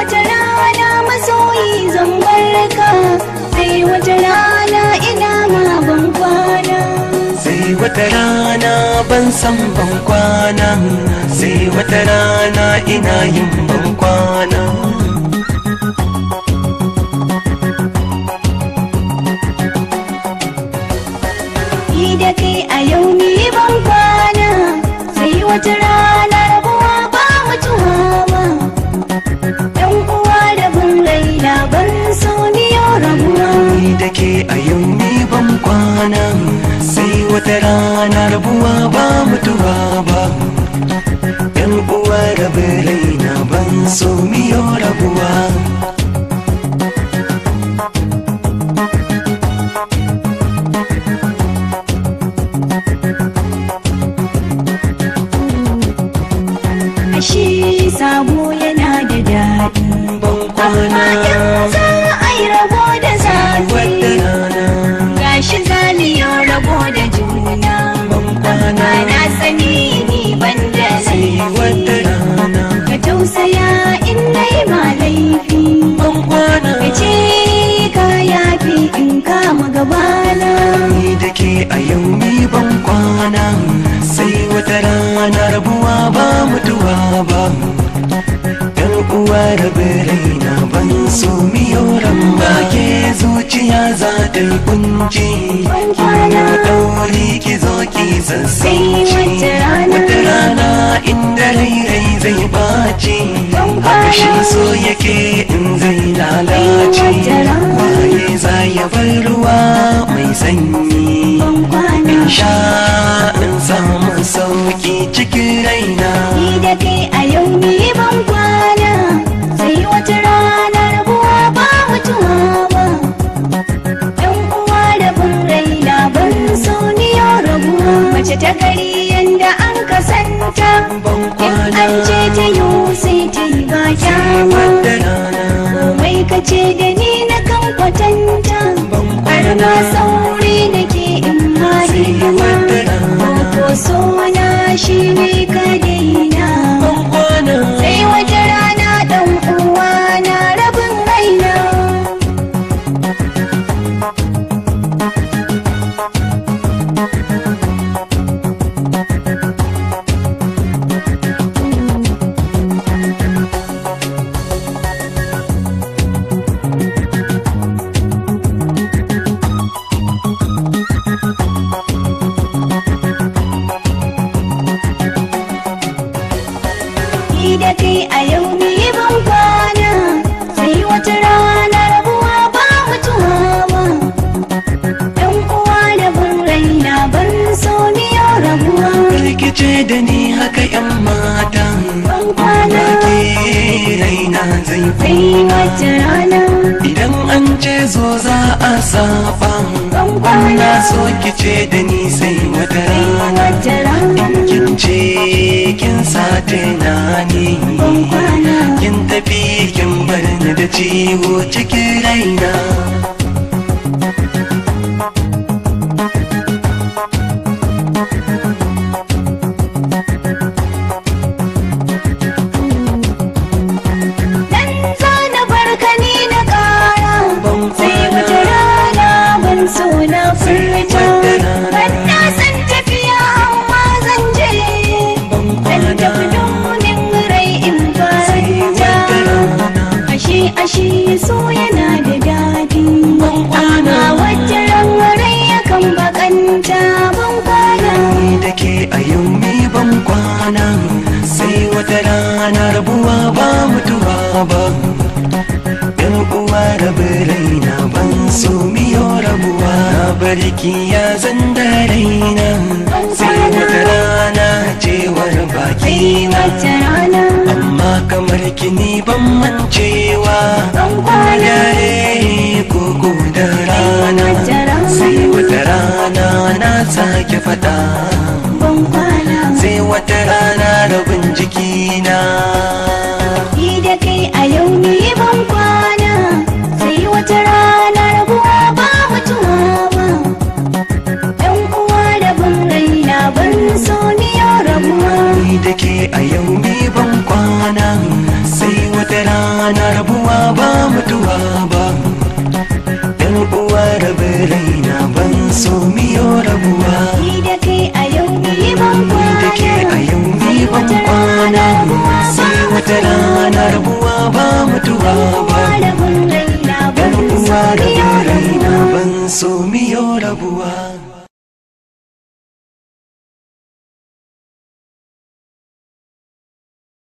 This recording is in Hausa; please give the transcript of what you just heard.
wata rana masoyi zan barka sai wata rana ina ma ban kwana sai wata rana ban san ban kwana sai wata rana ina yin ban kwana a yau ni ban kwana sai wata rana rabuwa ba mutu ni da a yau ni ban kwana sai wata rana rabuwa ba mutuwa ba yan uwa da raina ban so miyo ba. ke zuciya za ta yi kunci ki dauri ki zo ki wata rana inda rai zai baci a shi so yake ta gari yadda an kasanta in an ce ta yi sai ta yi ba kyama mai ka ce da ni na kan kwatanta har ma sauri nake in ma ko so na shi ne sai wata rana idan an ce zo za a saba na so kice da ni sai wata rana in kin ce kin sa tunani kin tafi kin bar ni da ciwo cikin raina yan uwa rabu raina ban so miyo rabuwa barki ya zan da raina sai wata rana cewar baki na amma kamar kini ban mancewa yare ko da rana sai wata rana na sake fada sai wata rana rabin jikina wuri ban kwana sai wata rana rabuwa ba mutuwa ba yan uwa rabe raina ban so miyo rabuwa ni da kai a yau ni ban kwana sai wata rana rabuwa ba mutuwa ba yan uwa rabe